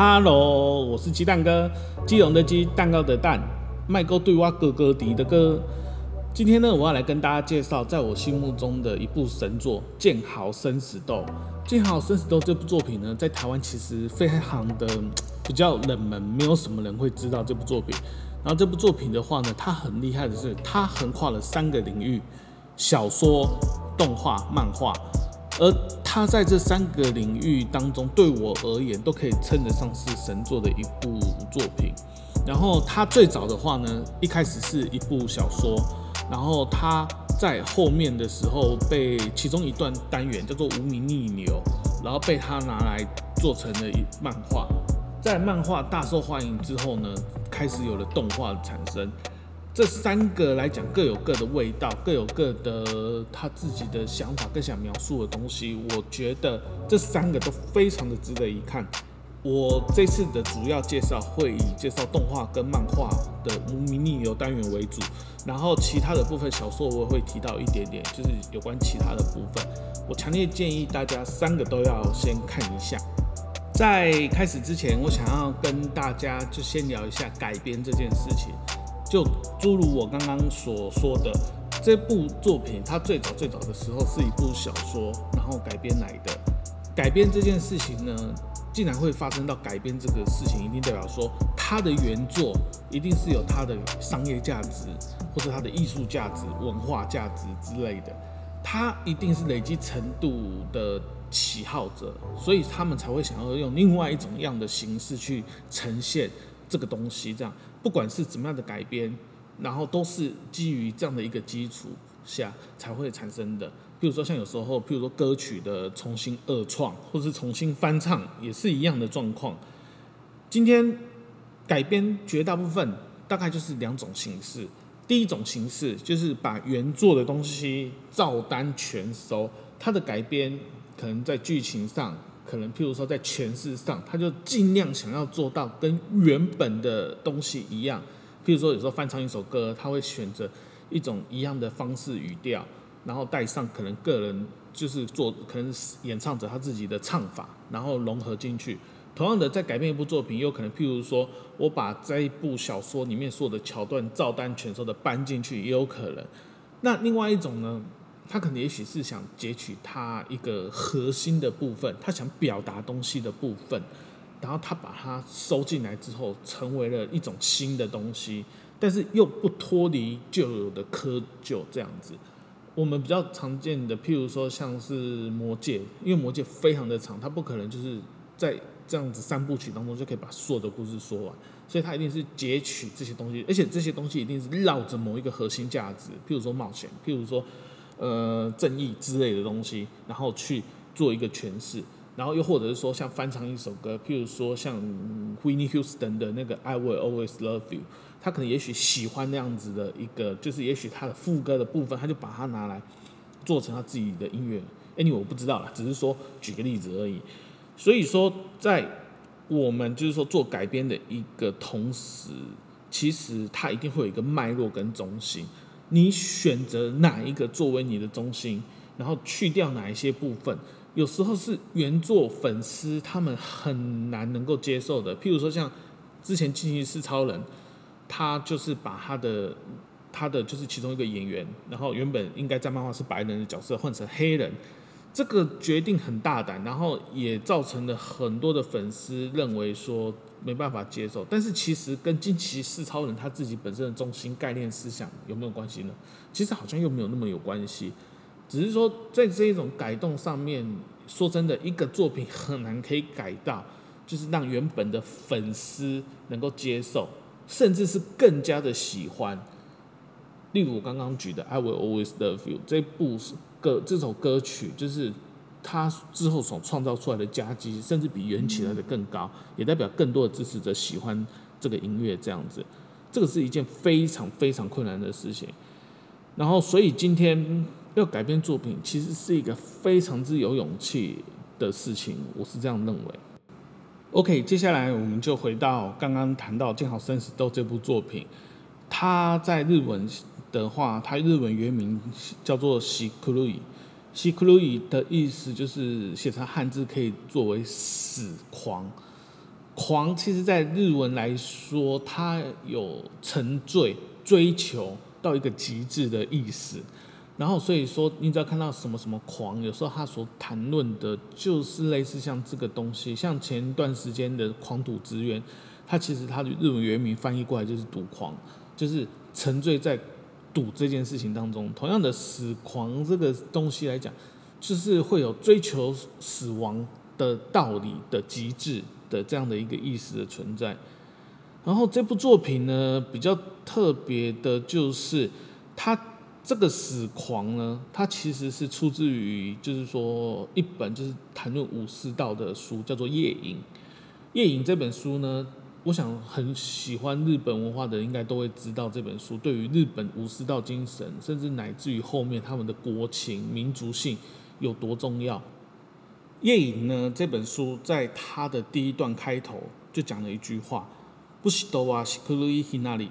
哈 o 我是雞蛋哥，雞龍的雞，蛋糕的蛋，麥哥對蛙哥哥的哥。今天呢，我要來跟大家介紹在我心目中的一部神作《劍豪生死鬥》。《劍豪生死鬥》這部作品呢，在台灣其實非常的比較冷門，沒有什麼人會知道這部作品。然後這部作品的話呢，它很厲害的是，它橫跨了三個領域：小說、動畫、漫畫。而他在這三個領域當中，對我而言都可以稱得上是神作的一部作品。然後他最早的話呢，一開始是一部小說，然後他在後面的時候被其中一段單元叫做《無名逆流》，然後被他拿來做成了一漫畫。在漫畫大受歡迎之後呢，開始有了動畫的產生。這三個來講各有各的味道，各有各的他自己的想法，更想描述的東西。我覺得這三個都非常的值得一看。我這次的主要介紹會以介紹動畫跟漫畫的無名逆流單元為主，然後其他的部分小說我也會提到一點點，就是有關其他的部分。我強烈建議大家三個都要先看一下。在開始之前，我想要跟大家就先聊一下改編這件事情。就諸如我剛剛所說的，這部作品它最早最早的時候是一部小說，然後改編來的。改編這件事情呢，竟然會發生到改編這個事情，一定代表說它的原作一定是有它的商業價值，或者它的藝術價值、文化價值之類的，它一定是累積程度的喜好者，所以他們才會想要用另外一種樣的形式去呈現這個東西，這樣。不管是怎麼樣的改編，然後都是基於這樣的一個基礎下才會產生的。比如說像有時候，比如說歌曲的重新二創，或是重新翻唱，也是一樣的狀況。今天改編絕大部分大概就是兩種形式。第一種形式就是把原作的東西照單全收，它的改編可能在劇情上。可能譬如說在詮釋上，他就盡量想要做到跟原本的東西一樣。譬如說有時候翻唱一首歌，他會選擇一種一樣的方式、語調，然後帶上可能個人就是做可能是演唱者他自己的唱法，然後融合進去。同樣的，在改變一部作品，也有可能譬如說我把這一部小說裡面所有的橋段照單全收的搬進去，也有可能。那另外一種呢？他可能也許是想截取他一個核心的部分，他想表達東西的部分，然後他把它收進來之後，成為了一種新的東西，但是又不脫離舊有的窠臼這樣子。我們比較常見的，譬如說像是《魔戒》，因為《魔戒》非常的長，它不可能就是在這樣子三部曲當中就可以把所有的故事說完，所以它一定是截取這些東西，而且這些東西一定是繞着某一個核心價值，譬如說冒險，譬如說。呃，正義之類的東西，然後去做一個詮釋，然後又或者是說像翻唱一首歌，譬如說像 Whitney Houston 的那個 I Will Always Love You，他可能也許喜歡那樣子的一個，就是也許他的副歌的部分，他就把它拿來做成他自己的音樂。any、anyway，我不知道了，只是說舉個例子而已。所以說，在我們就是說做改編的一個同時，其實它一定會有一個脈絡跟中心。你選擇哪一個作為你的中心，然後去掉哪一些部分，有時候是原作粉絲他們很難能夠接受的。譬如說像之前進行是超人，他就是把他的，他的就是其中一個演員，然後原本應該在漫畫是白人的角色換成黑人。這個決定很大膽，然後也造成了很多的粉絲認為說沒辦法接受，但是其實跟驚奇四超人他自己本身的中心概念思想有沒有關係呢？其實好像又沒有那麼有關係，只是說在這一種改動上面，說真的，一個作品很難可以改到就是讓原本的粉絲能夠接受，甚至是更加的喜歡。例如我剛剛舉的《I Will Always Love You》這部是。這首歌曲就是他之後所創造出來的佳績，甚至比原曲來的更高，也代表更多的支持者喜歡這個音樂這樣子。這個是一件非常非常困難的事情。然後，所以今天要改編作品，其實是一個非常之有勇氣的事情，我是這樣認為。OK，接下來我們就回到剛剛談到《劍豪生死鬥》這部作品，它在日本。的話，它日文原名叫做「西庫魯伊」，「西庫魯伊」的意思就是寫成漢字可以作為“死狂”。狂其實，在日文來說，它有沉醉、追求到一個極致的意思。然後，所以說，你只要看到什麼什麼狂，有時候他所談論的，就是類似像這個東西。像前段時間的“狂賭之淵”，它其實它的日文原名翻譯過來就是“賭狂”，就是沉醉在，賭這件事情當中，同樣的死狂這個東西來講，就是會有追求死亡的道理的極致的這樣的一個意思的存在。然後這部作品呢，比較特別的就是它這個死狂呢，它其實是出自於就是說一本就是談論武士道的書，叫做《葉隱》。《葉隱》這本書呢。我想很喜歡日本文化的人，應該都會知道這本書對於日本武士道精神，甚至乃至於後面他們的國情、民族性有多重要。葉隱呢，這本書，在他的第一段開頭就講了一句話，不是 s h i d o w 那裡，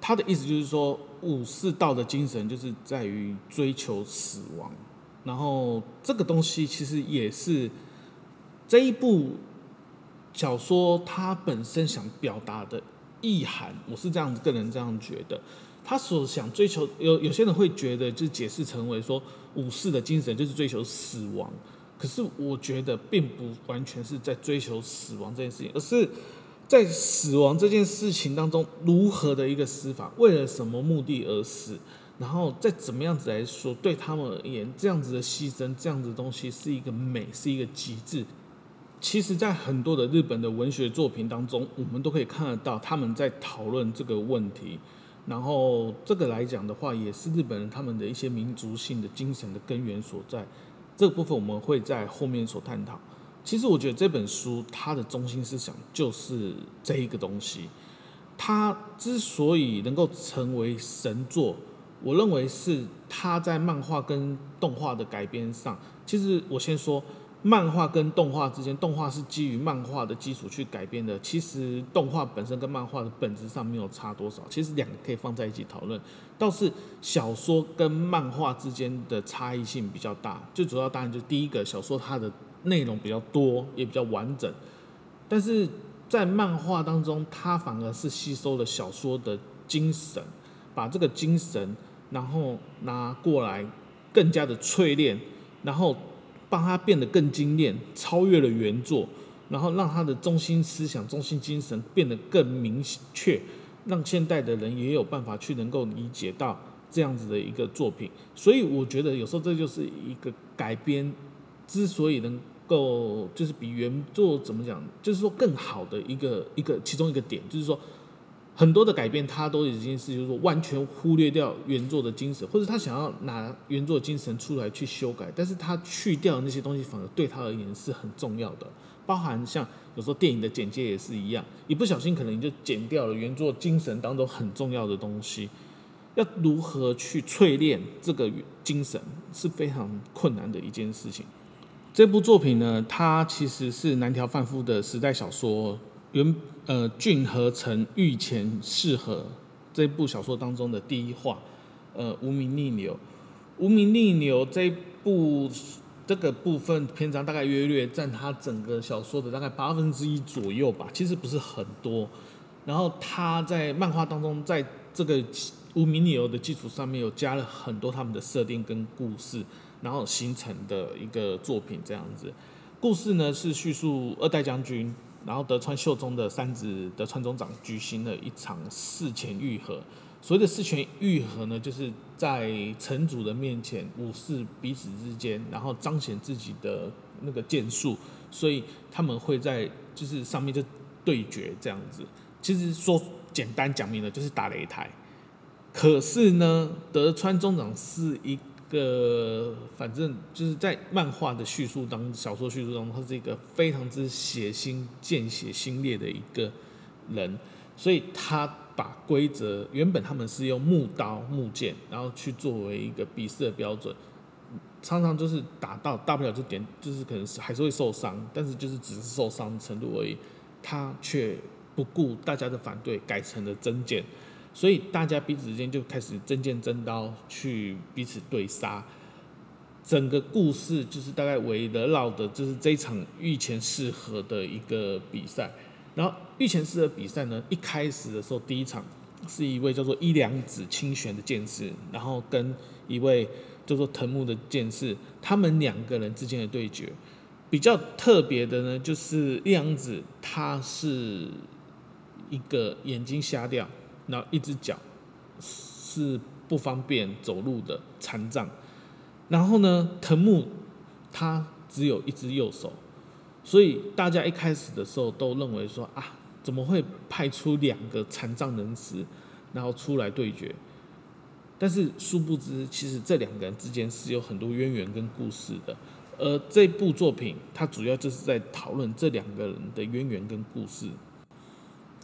他的意思就是說，武士道的精神就是在於追求死亡。然後這個東西其實也是這一部。小說它本身想表達的意涵，我是這樣子個人這樣覺得，他所想追求有，有些人會覺得就解釋成為說武士的精神就是追求死亡，可是我覺得並不完全是在追求死亡這件事情，而是在死亡這件事情當中如何的一個死法，為了什麼目的而死，然後再怎麼樣子來說對他們而言，這樣子的犧牲，這樣子的東西是一個美，是一個極致。其實，在很多的日本的文學作品當中，我們都可以看得到他們在討論這個問題。然後，這個來講的話，也是日本人他們的一些民族性的精神的根源所在。這個部分我們會在後面所探討。其實，我覺得這本書它的中心思想就是這一個東西。它之所以能夠成為神作，我認為是它在漫畫跟動畫的改編上。其實，我先說。漫畫跟動畫之間，動畫是基於漫畫的基礎去改編的。其實動畫本身跟漫畫的本質上沒有差多少，其實兩個可以放在一起討論。倒是小說跟漫畫之間的差異性比較大，最主要當然就第一個，小說它的內容比較多，也比較完整。但是在漫畫當中，它反而是吸收了小說的精神，把這個精神，然後拿過來更加的淬煉，然後。幫他變得更精煉，超越了原作，然後讓他的中心思想、中心精神變得更明確，讓現代的人也有辦法去能夠理解到這樣子的一個作品。所以我覺得有時候這就是一個改編，之所以能夠就是比原作怎麼講，就是說更好的一個、一個其中一個點，就是說。很多的改變，他都已經是就是說完全忽略掉原作的精神，或者他想要拿原作精神出來去修改，但是他去掉那些東西，反而對他而言是很重要的。包含像有時候電影的剪接也是一樣，一不小心可能你就剪掉了原作精神當中很重要的東西。要如何去淬煉這個精神，是非常困難的一件事情。這部作品呢，它其實是南條範夫的時代小說。原呃，駿河城御前試合這部小說當中的第一話，呃，無名逆流，無名逆流這部這個部分篇章大概約略占他整個小說的大概八分之一左右吧，其實不是很多。然後他在漫畫當中，在這個無名逆流的基礎上面，有加了很多他們的設定跟故事，然後形成的一個作品這樣子。故事呢，是敘述二代將軍。然後德川秀忠的三子德川忠長舉行了一場御前試合。所謂的御前試合呢，就是在城主的面前，武士彼此之間，然後彰顯自己的那個劍術，所以他們會在就是上面就對決這樣子。其實說簡單講明了，就是打擂台。可是呢，德川忠長是一。個反正就是在漫畫的敘述當中，小說敘述當中，他是一個非常之血腥，見血心烈的一個人，所以他把規則原本他們是用木刀、木劍，然後去作為一個比試的標準，常常就是打到大不了就點，就是可能還是會受傷，但是就是只是受傷的程度而已，他卻不顧大家的反對，改成了真劍。所以大家彼此之間就開始真劍真刀，去彼此對殺。整個故事就是大概圍着繞的，就是這一場御前試合的一個比賽。然後御前試合比賽呢，一開始的時候，第一場是一位叫做伊良子清玄的劍士，然後跟一位叫做藤木的劍士，他們兩個人之間的對決。比較特別的呢，就是伊良子他是一個眼睛瞎掉。然後一隻腳是不方便走路的殘障，然後呢，藤木他只有一隻右手，所以大家一開始的時候都認為說啊，怎麼會派出兩個殘障人士然後出來對決？但是殊不知，其實這兩個人之間是有很多淵源跟故事的，而這部作品它主要就是在討論這兩個人的淵源跟故事。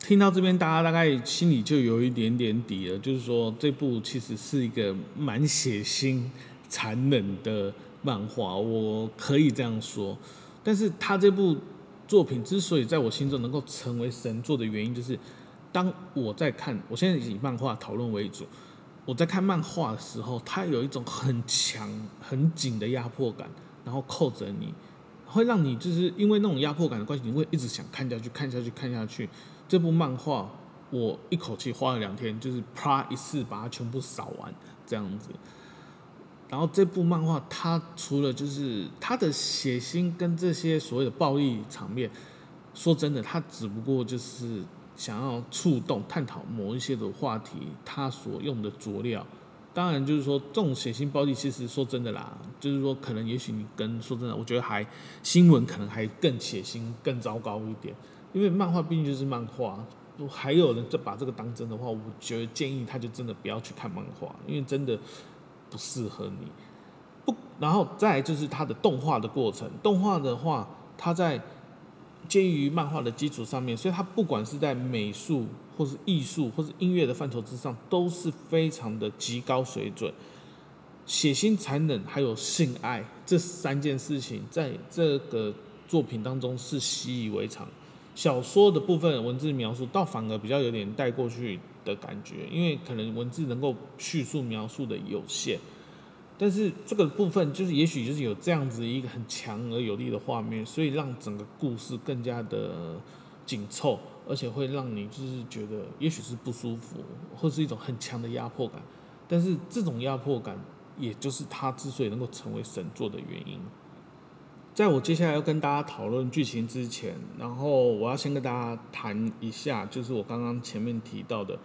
聽到這邊，大家大概心裡就有一點點底了，就是說這部其實是一個蠻血腥、殘忍的漫畫，我可以這樣說。但是他這部作品之所以在我心中能夠成為神作的原因，就是當我在看，我現在以漫畫討論為主，我在看漫畫的時候，它有一種很強、很緊的壓迫感，然後扣着你，會讓你就是因為那種壓迫感的關係，你會一直想看下去、看下去、看下去。這部漫畫我一口氣花了兩天，就是啪一次把它全部掃完這樣子。然後這部漫畫它除了就是它的血腥跟這些所謂的暴力場面，說真的，它只不過就是想要觸動、探討某一些的話題。它所用的佐料，當然就是說這種血腥暴力，其實說真的啦，就是說可能也許你跟說真的，我覺得還新聞可能還更血腥、更糟糕一點。因為漫畫畢竟就是漫畫，不還有人再把這個當真的話，我覺得建議他就真的不要去看漫畫，因為真的不適合你。不，然後再來就是他的動畫的過程，動畫的話，他在基於漫畫的基礎上面，所以他不管是在美術、或是藝術、或是音樂的範疇之上，都是非常的極高水準。血腥、殘忍還有性愛這三件事情，在這個作品當中是習以為常。小說的部分文字描述倒反而比較有點帶過去的感覺，因為可能文字能夠敘述描述的有限，但是這個部分就是也許就是有這樣子一個很強而有力的畫面，所以讓整個故事更加的緊湊，而且會讓你就是覺得也許是不舒服，或是一種很強的壓迫感。但是這種壓迫感，也就是他之所以能夠成為神作的原因。在我接下來要跟大家討論劇情之前，然後我要先跟大家談一下，就是我剛剛前面提到的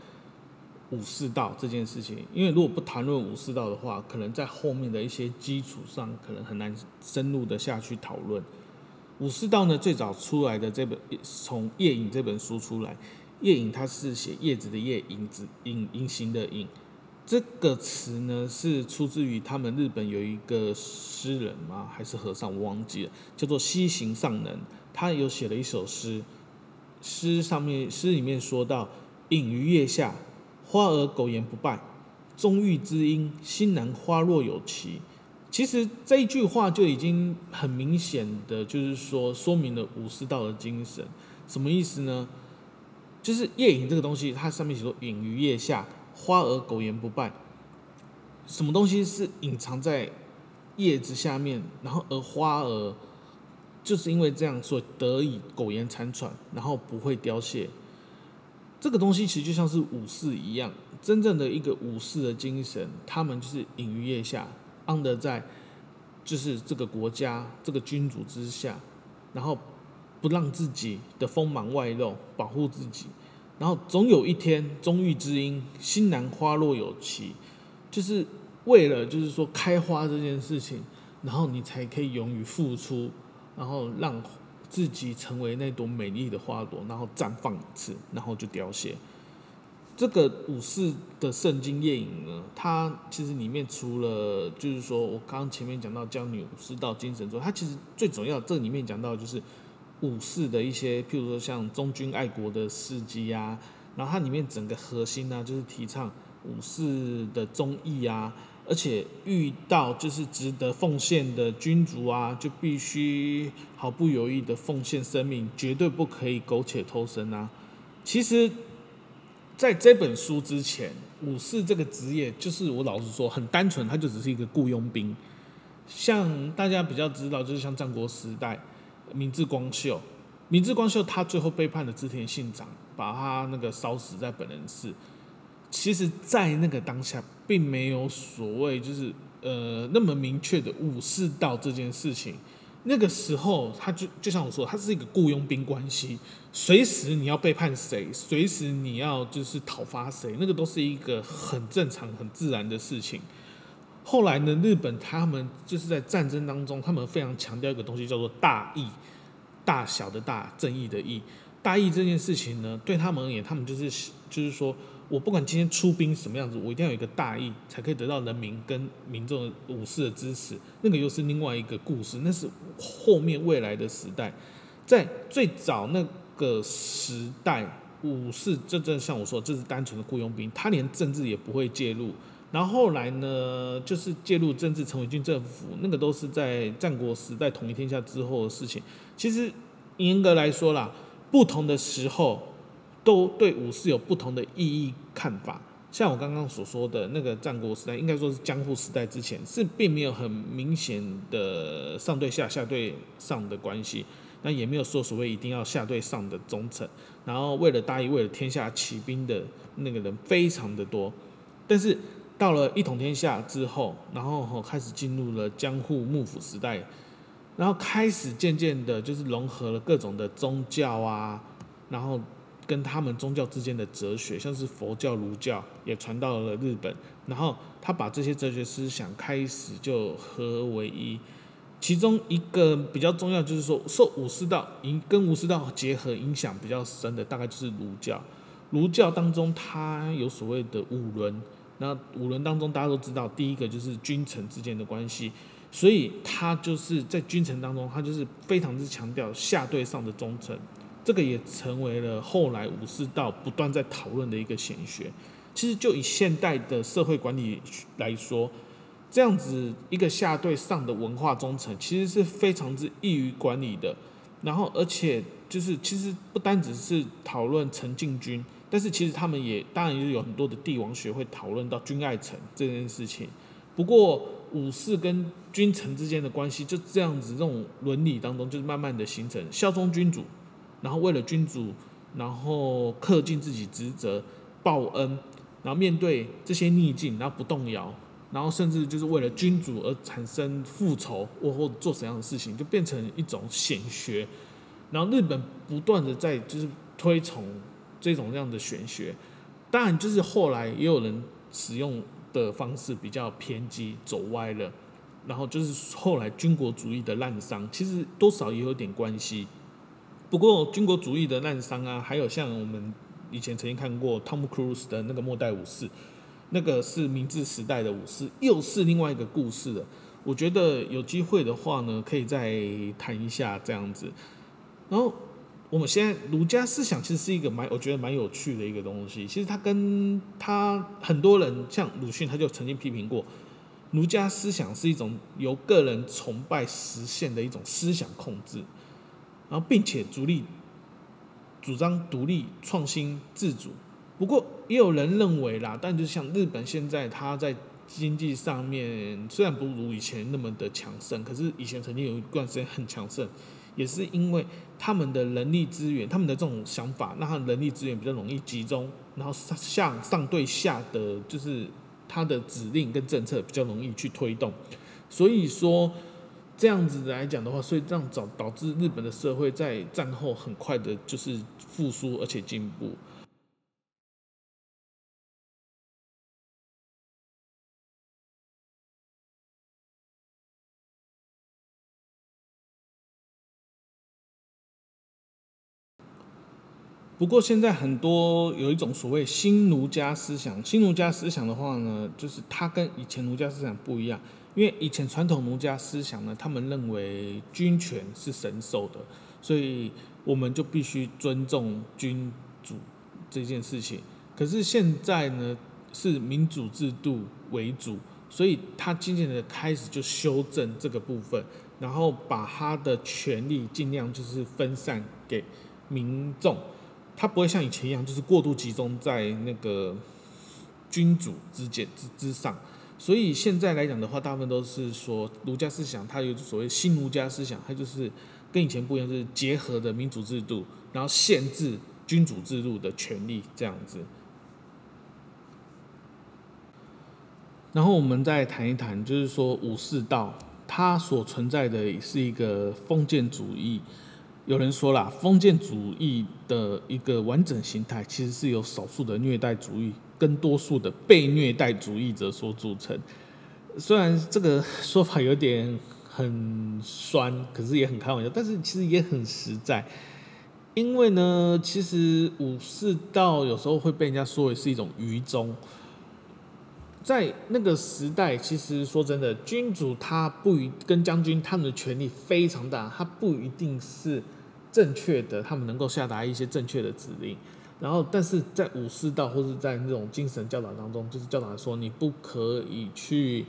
武士道這件事情。因為如果不談論武士道的話，可能在後面的一些基礎上，可能很難深入的下去討論。武士道呢，最早出來的這本，從《夜影》這本書出來，《夜影》它是寫葉子的夜“夜影”子影隱形的“影”影影。這個詞呢，是出自於他們日本有一個詩人嗎？還是和尚？我忘記了，叫做西行上人，他有寫了一首詩，詩上面詩裡面說到“隱於月下，花兒苟延不敗，終遇知音，心難花若有期。”其實這一句話就已經很明顯的就是說，說明了武士道的精神。什麼意思呢？就是夜影這個東西，它上面寫說“隱於月下”。花兒苟延不敗，什麼東西是隱藏在葉子下面，然後而花兒就是因為這樣，所以得以苟延殘喘，然後不會凋謝。這個東西其實就像是武士一樣，真正的一個武士的精神，他們就是隱於葉下，under 在，就是這個國家這個君主之下，然後不讓自己的鋒芒外露，保護自己。然後總有一天，終遇知音，心蘭花落有期，就是為了就是說開花這件事情，然後你才可以勇於付出，然後讓自己成為那朵美麗的花朵，然後綻放一次，然後就凋謝。這個武士的聖經葉隱呢，它其實裡面除了就是說我剛前面講到將女武士道精神中，它其實最主要這裡面講到就是。武士的一些，譬如說像忠君愛國的事跡啊，然後它裡面整個核心呢啊，就是提倡武士的忠義啊，而且遇到就是值得奉獻的君主啊，就必須毫不猶豫的奉獻生命，絕對不可以苟且偷生啊。其實，在這本書之前，武士這個職業就是我老實說很單純，他就只是一個僱傭兵。像大家比較知道，就是像戰國時代。明智光秀，明智光秀他最後背叛了織田信長，把他那個燒死在本能寺。其實，在那個當下，並沒有所謂就是呃那麼明確的武士道這件事情。那個時候，他就就像我說，他是一個僱傭兵關係，隨時你要背叛誰，隨時你要就是討伐誰，那個都是一個很正常、很自然的事情。後來呢，日本他們就是在戰爭當中，他們非常強調一個東西，叫做大義，大小的大，正義的義。大義這件事情呢，對他們而言，他們就是就是說我不管今天出兵什麼樣子，我一定要有一個大義，才可以得到人民跟民眾武士的支持。那個又是另外一個故事，那是後面未來的時代。在最早那個時代，武士這正像我說，這、就是單純的雇傭兵，他連政治也不會介入。然後後來呢，就是介入政治，成為軍政府，那個都是在戰國時代統一天下之後的事情。其實嚴格來說啦，不同的時候都對武士有不同的意義看法。像我剛剛所說的那個戰國時代，應該說是江戶時代之前，是並沒有很明顯的上對下、下對上的關係。那也沒有說所謂一定要下對上的忠誠。然後為了大義、為了天下起兵的那個人非常的多，但是。到了一統天下之後，然後開始進入了江戶幕府時代，然後開始漸漸的，就是融合了各種的宗教啊，然後跟他們宗教之間的哲學，像是佛教、儒教，也傳到了日本，然後他把這些哲學思想開始就合為一。其中一個比較重要，就是說受武士道影跟武士道結合影響比較深的，大概就是儒教。儒教當中，它有所謂的五倫。那五倫當中，大家都知道，第一個就是君臣之間的關係，所以他就是在君臣當中，他就是非常之強調下對上的忠誠，這個也成為了後來武士道不斷在討論的一個顯學。其實就以現代的社會管理來說，這樣子一個下對上的文化忠誠，其實是非常之易於管理的。然後，而且就是其實不單只是討論陳進軍。但是其實他們也當然也有很多的帝王學會討論到君愛臣這件事情。不過武士跟君臣之間的關係就這樣子，這種倫理當中就是慢慢的形成效忠君主，然後為了君主，然後恪盡自己職責報恩，然後面對這些逆境然後不動搖，然後甚至就是為了君主而產生復仇或或做什麼樣的事情，就變成一種顯學。然後日本不斷的在就是推崇。這種這樣的玄學，當然就是後來也有人使用的方式比較偏激，走歪了，然後就是後來軍國主義的濫觴，其實多少也有點關係。不過軍國主義的濫觴啊，還有像我們以前曾經看過 Tom Cruise 的那個《末代武士》，那個是明治時代的武士，又是另外一個故事了。我覺得有機會的話呢，可以再談一下這樣子，然後。我們現在儒家思想其實是一個蠻，我覺得蠻有趣的一個東西。其實他跟他很多人像魯迅，他就曾經批評過，儒家思想是一種由個人崇拜實現的一種思想控制。然後，並且主力主張獨立、創新、自主。不過，也有人認為啦，但就是像日本現在，他在經濟上面雖然不如以前那麼的強盛，可是以前曾經有一段時間很強盛。也是因為他們的人力資源，他們的這種想法，讓他的人力資源比較容易集中，然後上下上對下的就是他的指令跟政策比較容易去推動，所以說這樣子來講的話，所以這樣找導致日本的社會在戰後很快的就是復甦，而且進步。不過現在很多有一種所謂新儒家思想，新儒家思想的話呢，就是它跟以前儒家思想不一樣。因為以前傳統儒家思想呢，他們認為君權是神授的，所以我們就必須尊重君主這件事情。可是現在呢，是民主制度為主，所以他漸漸的開始就修正這個部分，然後把他的權力盡量就是分散給民眾。它不會像以前一樣，就是過度集中在那個君主之間之之上，所以現在來講的話，大部分都是說儒家思想，它有所謂新儒家思想，它就是跟以前不一樣，是結合的民主制度，然後限制君主制度的權力。這樣子。然後我們再談一談，就是說武士道，它所存在的是一個封建主義。有人說了，封建主義的一個完整形態，其實是由少數的虐待主義跟多數的被虐待主義者所組成。雖然這個說法有點很酸，可是也很開玩笑，但是其實也很實在。因為呢，其實武士道有時候會被人家說為是一種愚忠。在那個時代，其實說真的，君主他不一跟將軍他們的權力非常大，他不一定是正確的，他們能夠下達一些正確的指令。然後，但是在武士道或是在那種精神教導當中，就是教導說你不可以去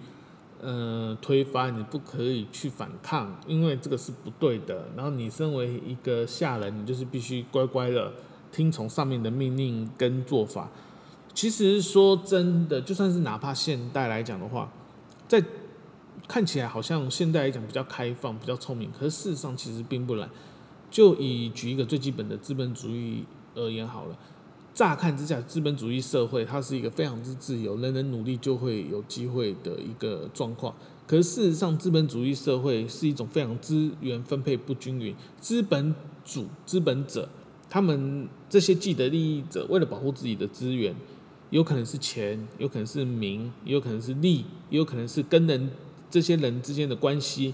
嗯、呃、推翻，你不可以去反抗，因為這個是不對的。然後，你身為一個下人，你就是必須乖乖的聽從上面的命令跟做法。其實說真的，就算是哪怕現代來講的話，在看起來好像現代來講比較開放、比較聰明，可是事實上其實並不然。就以舉一個最基本的資本主義而言好了，乍看之下，資本主義社會它是一個非常之自由、人人努力就會有機會的一個狀況。可是事實上，資本主義社會是一種非常資源分配不均匀，資本主、資本者他們這些既得利益者為了保護自己的資源。有可能是錢，有可能是名，也有可能是利，也有可能是跟人這些人之間的關係。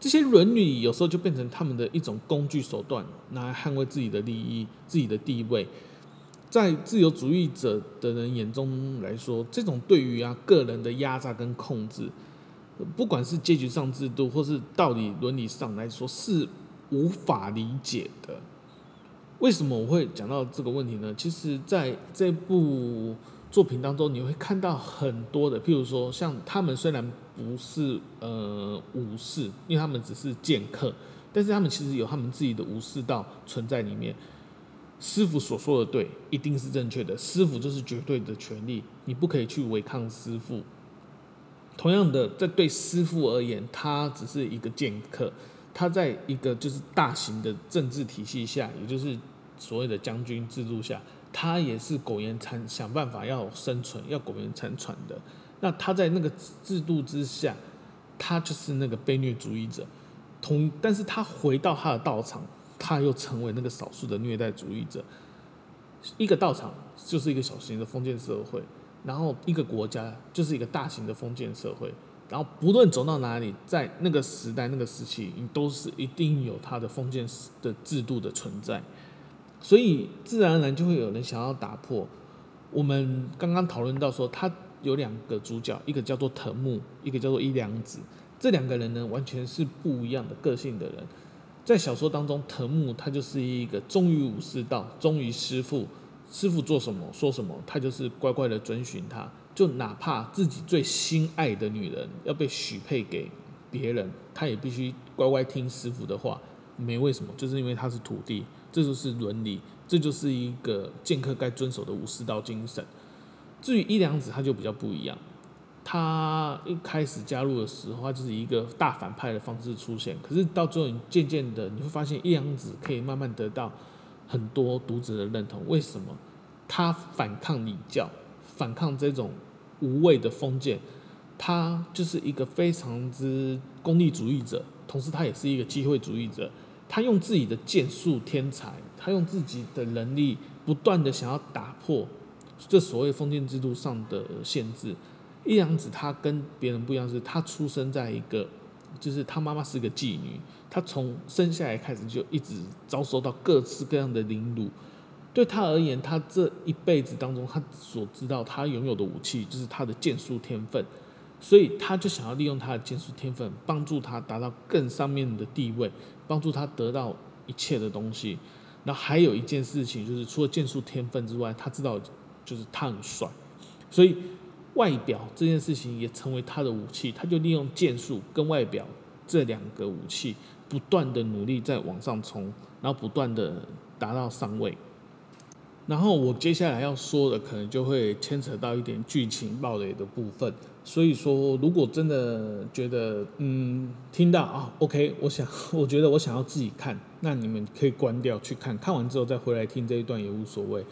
這些倫理有時候就變成他們的一種工具手段，拿來捍衛自己的利益、自己的地位。在自由主義者的人眼中來說，這種對於啊個人的壓榨跟控制，不管是階級上制度，或是道理倫理上來說，是無法理解的。為什麼我會講到這個問題呢？其實，在這部作品當中，你會看到很多的，譬如說，像他們雖然不是呃武士，因為他們只是劍客，但是他們其實有他們自己的武士道存在裡面。師傅所說的對，一定是正確的。師傅就是絕對的權力，你不可以去違抗師傅。同樣的，在對師傅而言，他只是一個劍客，他在一個就是大型的政治體系下，也就是。所謂的將軍制度下，他也是苟延殘，想辦法要生存，要苟延殘喘的。那他在那個制度之下，他就是那個被虐主義者。同，但是他回到他的道場，他又成為那個少數的虐待主義者。一個道場就是一個小型的封建社會，然後一個國家就是一個大型的封建社會。然後，不論走到哪裡，在那個時代、那個時期，你都是一定有他的封建的制度的存在。所以自然而然就會有人想要打破。我們剛剛討論到說，他有兩個主角，一個叫做藤木，一個叫做伊良子。這兩個人呢，完全是不一樣的個性的人。在小說當中，藤木他就是一個忠於武士道、忠於師傅。師傅做什麼說什麼，他就是乖乖的遵循他。就哪怕自己最心愛的女人要被許配給別人，他也必須乖乖聽師傅的話。沒為什麼，就是因為他是徒弟。這就是倫理，這就是一個劍客該遵守的武士道精神。至於伊良子，他就比較不一樣。他一開始加入的時候，他就是一個大反派的方式出現。可是到最後，你漸漸的你會發現，伊良子可以慢慢得到很多讀者的認同。為什麼？他反抗禮教，反抗這種無謂的封建。他就是一個非常之功利主義者，同時他也是一個機會主義者。他用自己的劍術天才，他用自己的能力，不斷的想要打破這所謂封建制度上的限制。一陽子他跟別人不一樣是，是他出生在一個，就是他媽媽是個妓女，她從生下來開始就一直遭受到各式各樣的凌辱。對她而言，她這一輩子當中，她所知道，她擁有的武器就是她的劍術天分。所以他就想要利用他的劍術天分，幫助他達到更上面的地位，幫助他得到一切的東西。然後還有一件事情就是，除了劍術天分之外，他知道就是他很帥，所以外表這件事情也成為他的武器。他就利用劍術跟外表這兩個武器，不斷的努力在往上衝，然後不斷的達到上位。然後我接下來要說的可能就會牽扯到一點劇情暴雷的部分，所以說如果真的覺得嗯聽到啊 OK，我想我覺得我想要自己看，那你們可以關掉去看，看完之後再回來聽這一段也無所謂。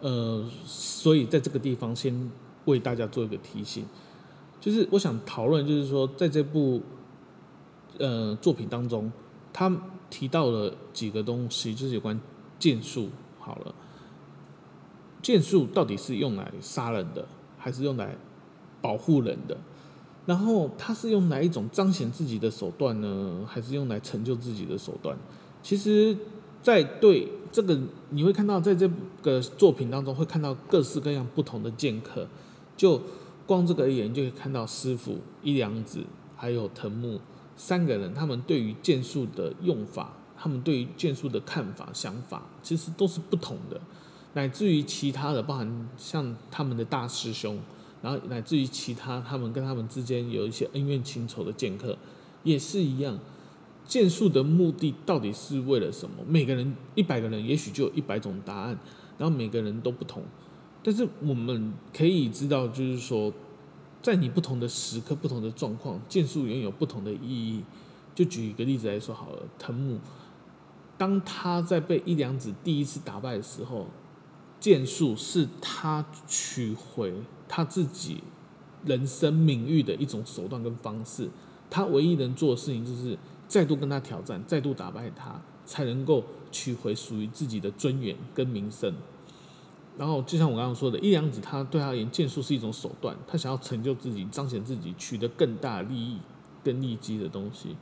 呃，所以在這個地方先為大家做一個提醒，就是我想討論，就是說在這部呃作品當中，他提到了幾個東西，就是有關劍術好了。劍術到底是用來殺人的，還是用來保護人的？然後它是用來一種彰顯自己的手段呢，還是用來成就自己的手段？其實，在對這個，你會看到，在這個作品當中會看到各式各樣不同的劍客。就光這個而言，就可以看到師傅伊良子，還有藤木三個人，他們對於劍術的用法，他們對於劍術的看法、想法，其實都是不同的。乃至於其他的，包含像他們的大師兄，然後乃至於其他他們跟他們之間有一些恩怨情仇的劍客，也是一樣。劍術的目的到底是為了什麼？每個人一百個人，也許就有一百種答案，然後每個人都不同。但是我們可以知道，就是說，在你不同的時刻、不同的狀況，劍術擁有不同的意義。就舉一個例子來說好了，藤木，當他在被伊良子第一次打敗的時候。劍術是他取回他自己人生名譽的一種手段跟方式。他唯一能做的事情就是再度跟他挑戰，再度打敗他，才能夠取回屬於自己的尊嚴跟名聲。然後，就像我剛剛說的，伊良子他對他而言，劍術是一種手段，他想要成就自己、彰顯自己、取得更大利益跟利基的東西。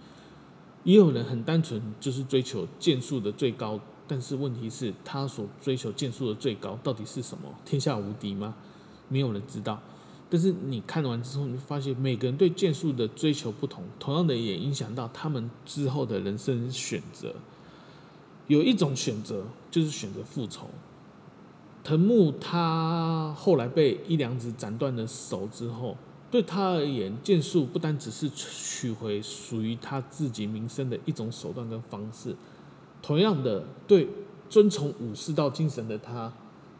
也有人很單純，就是追求劍術的最高。但是問題是，他所追求劍術的最高到底是什麼？天下無敵嗎？沒有人知道。但是你看完之後，你發現每個人對劍術的追求不同，同樣的也影響到他們之後的人生選擇。有一種選擇就是選擇復仇。藤木他後來被伊良子斬斷了手之後，對他而言，劍術不單只是取回屬於他自己名聲的一種手段跟方式。同樣的，對遵從武士道精神的他，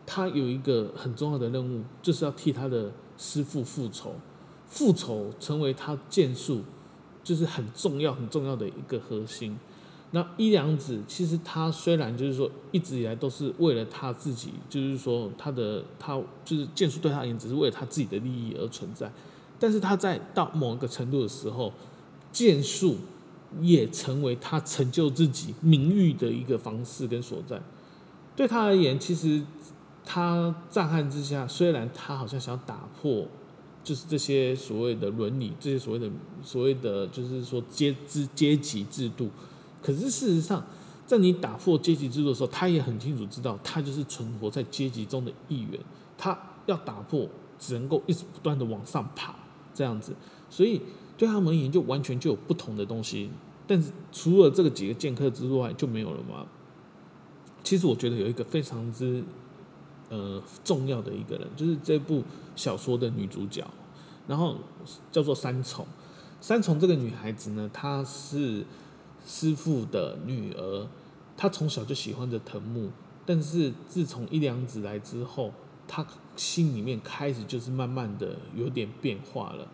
他有一個很重要的任務，就是要替他的師父復仇。復仇成為他劍術，就是很重要、很重要的一個核心。那伊良子其實他雖然就是說一直以來都是為了他自己，就是說他的他就是劍術對他而言只是為了他自己的利益而存在，但是他在到某一個程度的時候，劍術。也成為他成就自己名譽的一個方式跟所在。對他而言，其實他震撼之下，雖然他好像想打破，就是這些所謂的倫理，這些所謂的所謂的，就是說階級階級制度。可是事實上，在你打破階級制度的時候，他也很清楚知道，他就是存活在階級中的一員。他要打破，只能夠一直不斷的往上爬這樣子，所以。對他們而言，就完全就有不同的東西。但是除了這個幾個劍客之外，就沒有了嗎？其實我覺得有一個非常之呃重要的一個人，就是這部小說的女主角，然後叫做三重。三重這個女孩子呢，她是師父的女兒，她從小就喜歡着藤木，但是自從伊良子來之後，她心裡面開始就是慢慢的有點變化了。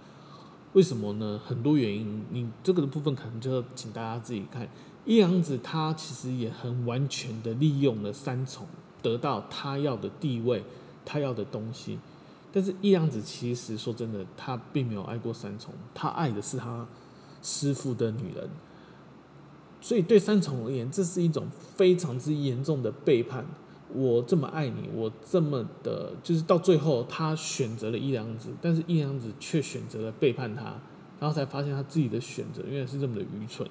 為什麼呢？很多原因，你這個的部分可能就要請大家自己看。伊良子他其實也很完全的利用了三重，得到他要的地位，他要的東西。但是伊良子其實說真的，他並沒有愛過三重，他愛的是他師父的女人。所以對三重而言，這是一種非常之嚴重的背叛。我這麼愛你，我這麼的，就是到最後，他選擇了伊良子，但是伊良子卻選擇了背叛他，然後才發現他自己的選擇原來是這麼的愚蠢，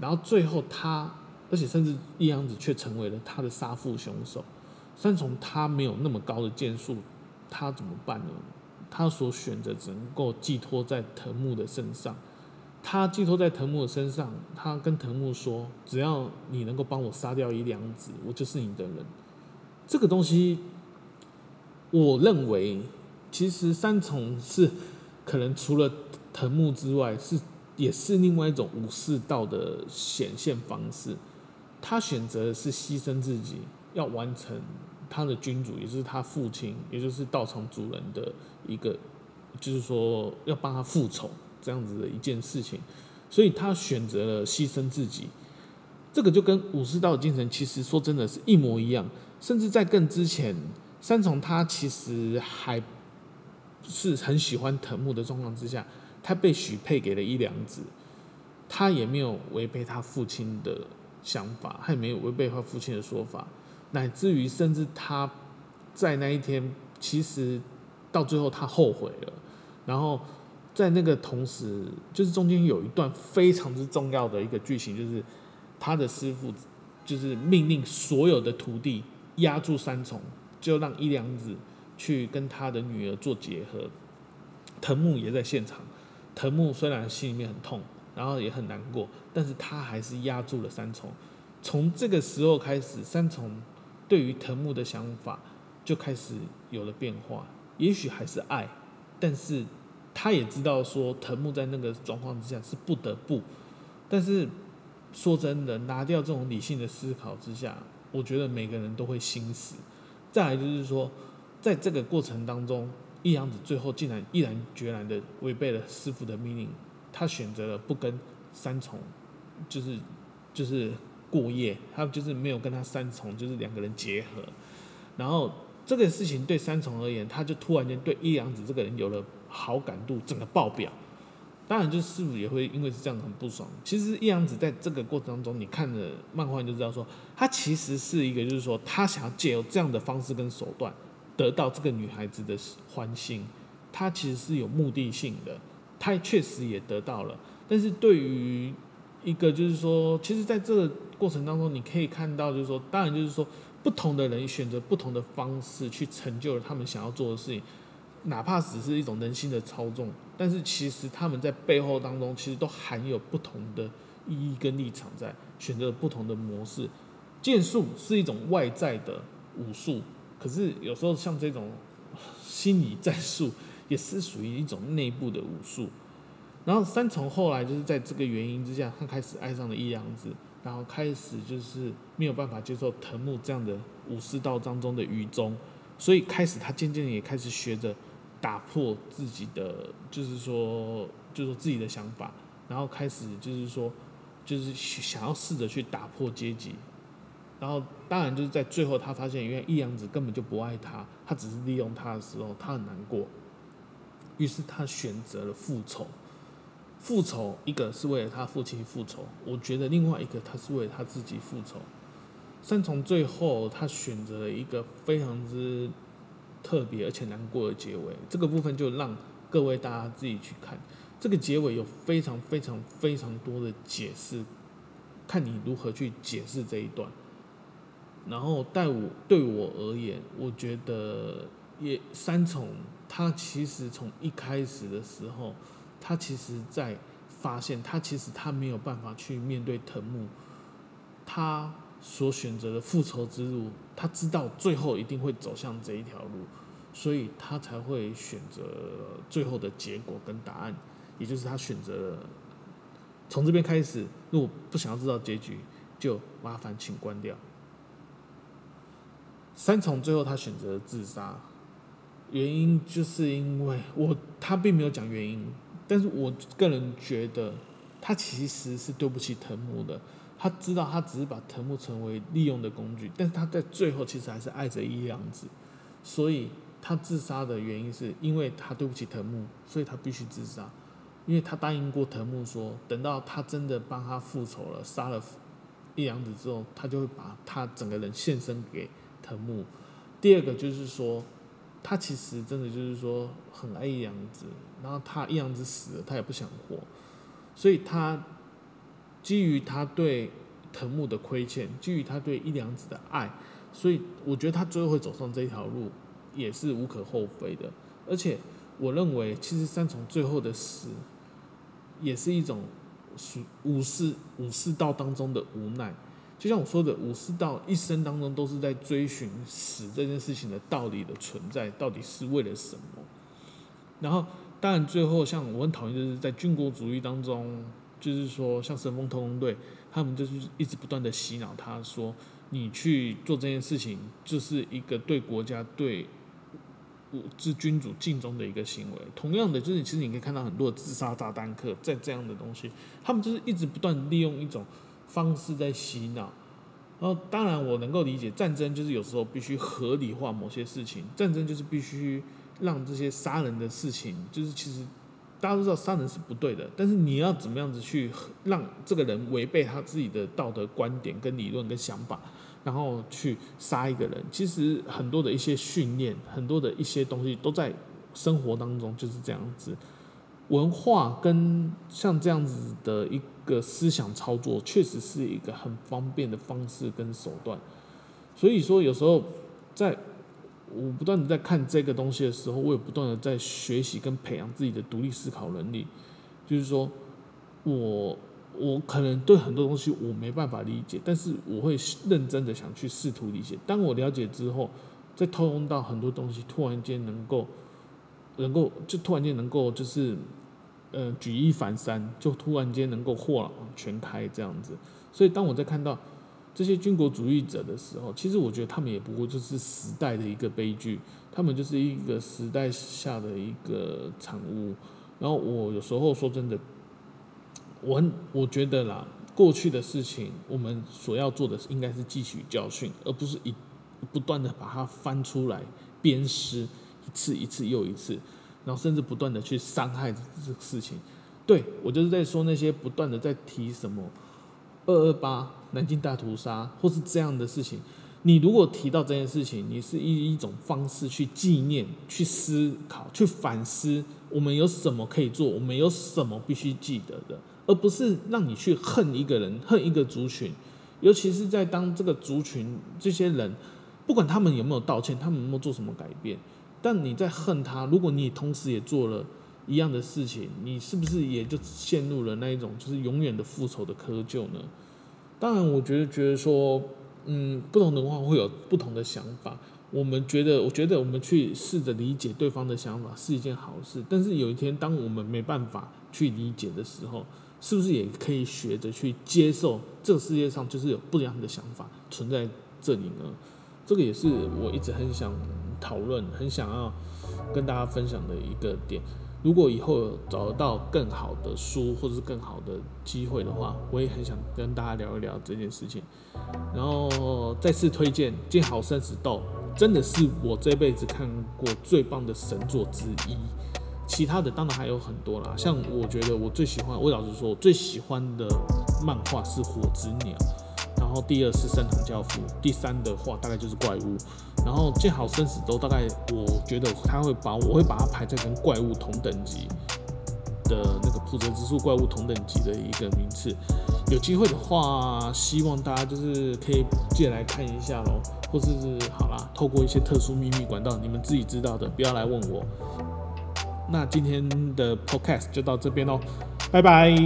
然後最後他，而且甚至伊良子卻成為了他的殺父兇手，但從他沒有那麼高的劍術，他怎麼辦呢？他所選擇只能夠寄託在藤木的身上。他寄託在藤木的身上，他跟藤木說：“只要你能夠幫我殺掉伊良子，我就是你的人。”這個東西，我認為，其實三重是可能除了藤木之外，是也是另外一種武士道的顯現方式。他選擇的是犧牲自己，要完成他的君主，也就是他父親，也就是道場主人的一個，就是說要幫他復仇。這樣子的一件事情，所以他選擇了犧牲自己，這個就跟武士道精神其實說真的是一模一樣。甚至在更之前，三重他其實還是很喜歡藤木的狀況之下，他被許配給了伊良子，他也沒有違背他父親的想法，他也沒有違背他父親的說法，乃至於甚至他在那一天，其實到最後他後悔了，然後。在那個同時，就是中間有一段非常之重要的一個劇情，就是他的師傅就是命令所有的徒弟壓住三重，就讓伊良子去跟他的女兒做結合。藤木也在現場，藤木雖然心裡面很痛，然後也很難過，但是他還是壓住了三重。從這個時候開始，三重對於藤木的想法就開始有了變化，也許還是愛，但是。他也知道說藤木在那個狀況之下是不得不，但是說真的，拿掉這種理性的思考之下，我覺得每個人都會心死。再來就是說，在這個過程當中，伊良子最後竟然毅然決然的違背了師傅的命令，他選擇了不跟三重就是就是過夜，他就是沒有跟他三重就是兩個人結合。然後這個事情對三重而言，他就突然間對伊良子這個人有了。好感度整個爆表，當然就是師傅也會因為是這樣很不爽。其實伊良子在這個過程當中，你看了漫畫就知道說，說他其實是一個，就是說他想要借由這樣的方式跟手段得到這個女孩子的歡心，他其實是有目的性的，他確實也得到了。但是對於一個就是說，其實在這個過程當中，你可以看到就是說，當然就是說不同的人選擇不同的方式去成就了他們想要做的事情。哪怕只是一種人性的操縱，但是其實他們在背後當中，其實都含有不同的意義跟立場在選擇不同的模式。劍術是一種外在的武術，可是有時候像這種心理戰術也是屬於一種內部的武術。然後三重後來就是在這個原因之下，他開始愛上了伊良子，然後開始就是沒有辦法接受藤木這樣的武士道當中的愚忠，所以開始他漸漸也開始學着。打破自己的，就是說，就是說自己的想法，然後開始就是說，就是想要試着去打破階級，然後當然就是在最後他發現，因為易陽子根本就不愛他，他只是利用他的時候，他很難過，於是他選擇了復仇。復仇一個是為了他父親復仇，我覺得另外一個他是為了他自己復仇。三重最後他選擇了一個非常之。特別而且難過的結尾，這個部分就讓各位大家自己去看。這個結尾有非常非常非常多的解釋，看你如何去解釋這一段。然後，對，對我而言，我覺得也三重他其實從一開始的時候，他其實，在發現他其實他沒有辦法去面對藤木，他。所選擇的復仇之路，他知道最後一定會走向這一條路，所以他才會選擇最後的結果跟答案，也就是他選擇從這邊開始。如果不想要知道結局，就麻煩請關掉。三重最後他選擇自殺，原因就是因為我，他並沒有講原因，但是我個人覺得他其實是對不起藤木的。他知道他只是把藤木成為利用的工具，但是他在最後其實還是愛着伊良子，所以他自殺的原因是因為他對不起藤木，所以他必須自殺，因為他答應過藤木說，等到他真的幫他復仇了，殺了伊良子之後，他就會把他整個人獻身給藤木。第二個就是說，他其實真的就是說很愛伊良子，然後他伊良子死了，他也不想活，所以他基於他對。藤木的虧欠，基於他對一良子的愛，所以我覺得他最後會走上這條路也是無可厚非的。而且我認為，其實三重最後的死，也是一種武武士武士道當中的無奈。就像我說的，武士道一生當中都是在追尋死這件事情的道理的存在，到底是為了什麼？然後，當然最後像我很討厭，就是在軍國主義當中，就是說像神風特攻隊。他們就是一直不斷的洗腦，他說你去做這件事情，就是一個對國家對，吾之君主盡忠的一個行為。同樣的，就是其實你可以看到很多自殺炸彈客在這樣的東西，他們就是一直不斷地利用一種方式在洗腦。然後，當然我能夠理解，戰爭就是有時候必須合理化某些事情，戰爭就是必須讓這些殺人的事情，就是其實。大家都知道殺人是不對的，但是你要怎麼樣子去讓這個人違背他自己的道德觀點、跟理論、跟想法，然後去殺一個人？其實很多的一些訓練，很多的一些東西都在生活當中就是這樣子。文化跟像這樣子的一個思想操作，確實是一個很方便的方式跟手段。所以說有時候在我不斷的在看這個東西的時候，我也不斷的在學習跟培養自己的獨立思考能力。就是說，我我可能對很多東西我沒辦法理解，但是我會認真的想去試圖理解。當我了解之後，再通用到很多東西，突然間能夠，能夠就突然間能夠就是，呃，舉一反三，就突然間能夠豁然全開這樣子。所以當我在看到。這些軍國主義者的時候，其實我覺得他們也不過就是時代的一個悲劇，他們就是一個時代下的一個產物。然後我有時候說真的，我我覺得啦，過去的事情，我們所要做的應該是汲取教訓，而不是一不斷的把它翻出來鞭屍一次一次又一次，然後甚至不斷的去傷害這個事情。對，我就是在說那些不斷的在提什麼。二二八南京大屠殺，或是這樣的事情，你如果提到這件事情，你是以一種方式去紀念、去思考、去反思，我們有什麼可以做，我們有什麼必須記得的，而不是讓你去恨一個人、恨一個族群，尤其是在當這個族群這些人，不管他們有沒有道歉，他們有沒有做什麼改變，但你在恨他，如果你同時也做了。一樣的事情，你是不是也就陷入了那一種就是永遠的復仇的窠臼呢？當然，我覺得覺得說，嗯，不同的話會有不同的想法。我們覺得，我覺得我們去試着理解對方的想法是一件好事。但是有一天，當我們沒辦法去理解的時候，是不是也可以學着去接受這世界上就是有不一樣的想法存在這裡呢？這個也是我一直很想討論、很想要跟大家分享的一個點。如果以後有找得到更好的書或者是更好的機會的話，我也很想跟大家聊一聊這件事情。然後再次推薦《劍豪生死鬥》，真的是我這輩子看過最棒的神作之一。其他的當然還有很多啦，像我覺得我最喜歡我老實說，我最喜歡的漫畫是《火之鳥》。第二是聖堂教父，第三的話大概就是怪物，然後劍豪生死鬥，大概我覺得他會把我，我會把它排在跟怪物同等級的那個普澤之樹怪物同等級的一個名次，有機會的話希望大家就是可以借來看一下咯，或是好了，透過一些特殊秘密管道，你們自己知道的，不要來問我。那今天的 Podcast 就到這邊哦，拜拜。